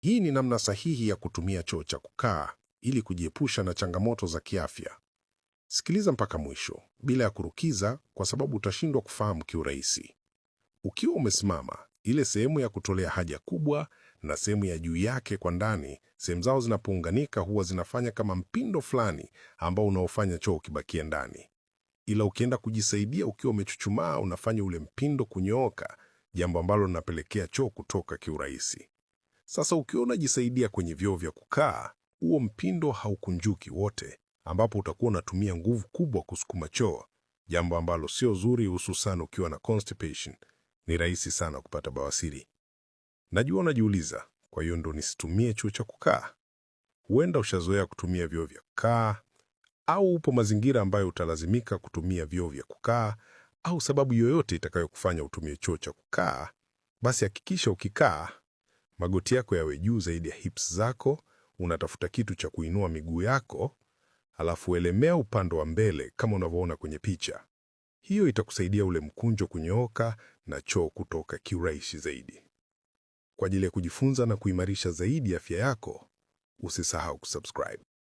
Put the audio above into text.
Hii ni namna sahihi ya kutumia choo cha kukaa ili kujiepusha na changamoto za kiafya. Sikiliza mpaka mwisho bila ya kurukiza, kwa sababu utashindwa kufahamu kiurahisi. Ukiwa umesimama, ile sehemu ya kutolea haja kubwa na sehemu ya juu yake kwa ndani, sehemu zao zinapounganika huwa zinafanya kama mpindo fulani ambao unaofanya choo kibakie ndani. Ila ukienda kujisaidia ukiwa umechuchumaa, unafanya ule mpindo kunyooka, jambo ambalo linapelekea choo kutoka kiurahisi. Sasa ukiwa unajisaidia kwenye vyoo vya kukaa, huo mpindo haukunjuki wote, ambapo utakuwa unatumia nguvu kubwa kusukuma choo, jambo ambalo sio zuri, hususan ukiwa na constipation. Ni rahisi sana kupata bawasiri. Najua unajiuliza, kwa hiyo ndo nisitumie choo cha kukaa? Huenda ushazoea kutumia vyoo vya kukaa, au upo mazingira ambayo utalazimika kutumia vyoo vya kukaa, au sababu yoyote itakayokufanya utumie choo cha kukaa. Basi hakikisha ukikaa magoti yako yawe juu zaidi ya hips zako. Unatafuta kitu cha kuinua miguu yako, alafu elemea upande wa mbele kama unavyoona kwenye picha. Hiyo itakusaidia ule mkunjo kunyooka na choo kutoka kiurahisi zaidi. Kwa ajili ya kujifunza na kuimarisha zaidi afya yako, usisahau kusubscribe.